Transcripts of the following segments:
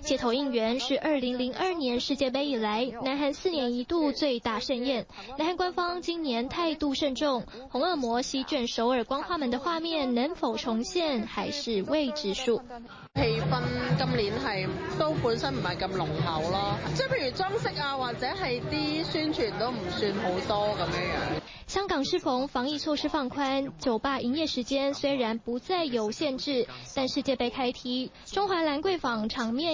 街頭應援是二零零二年世界盃以來南韓四年一度最大盛宴。南韓官方今年態度慎重，紅惡魔席捲首爾光化門的畫面能否重現還是未知數。氣氛今年係都本身唔係咁濃厚咯，即係譬如裝飾啊或者係啲宣傳都唔算好多咁樣樣。香港適逢防疫措施放寬，酒吧營業時間雖然不再有限制，但世界盃開踢，中華蘭桂坊場面。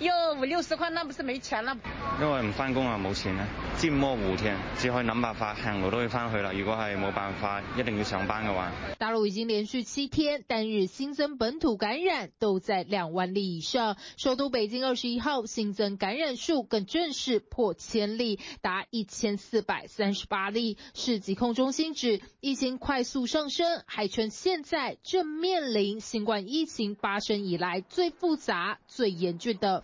要五六十塊，那不是沒錢啦？因為唔返工啊，冇錢啊。咁模糊添，只可以諗辦法，行路都要返去啦。如果係冇辦法，一定要上班嘅話。大陸已經連續七天單日新增本土感染都在兩萬例以上，首都北京二十一號新增感染數更正式破千例，達一千四百三十八例。市疾控中心指疫情快速上升，還稱現在正面臨新冠疫情發生以來最複雜、最嚴峻的。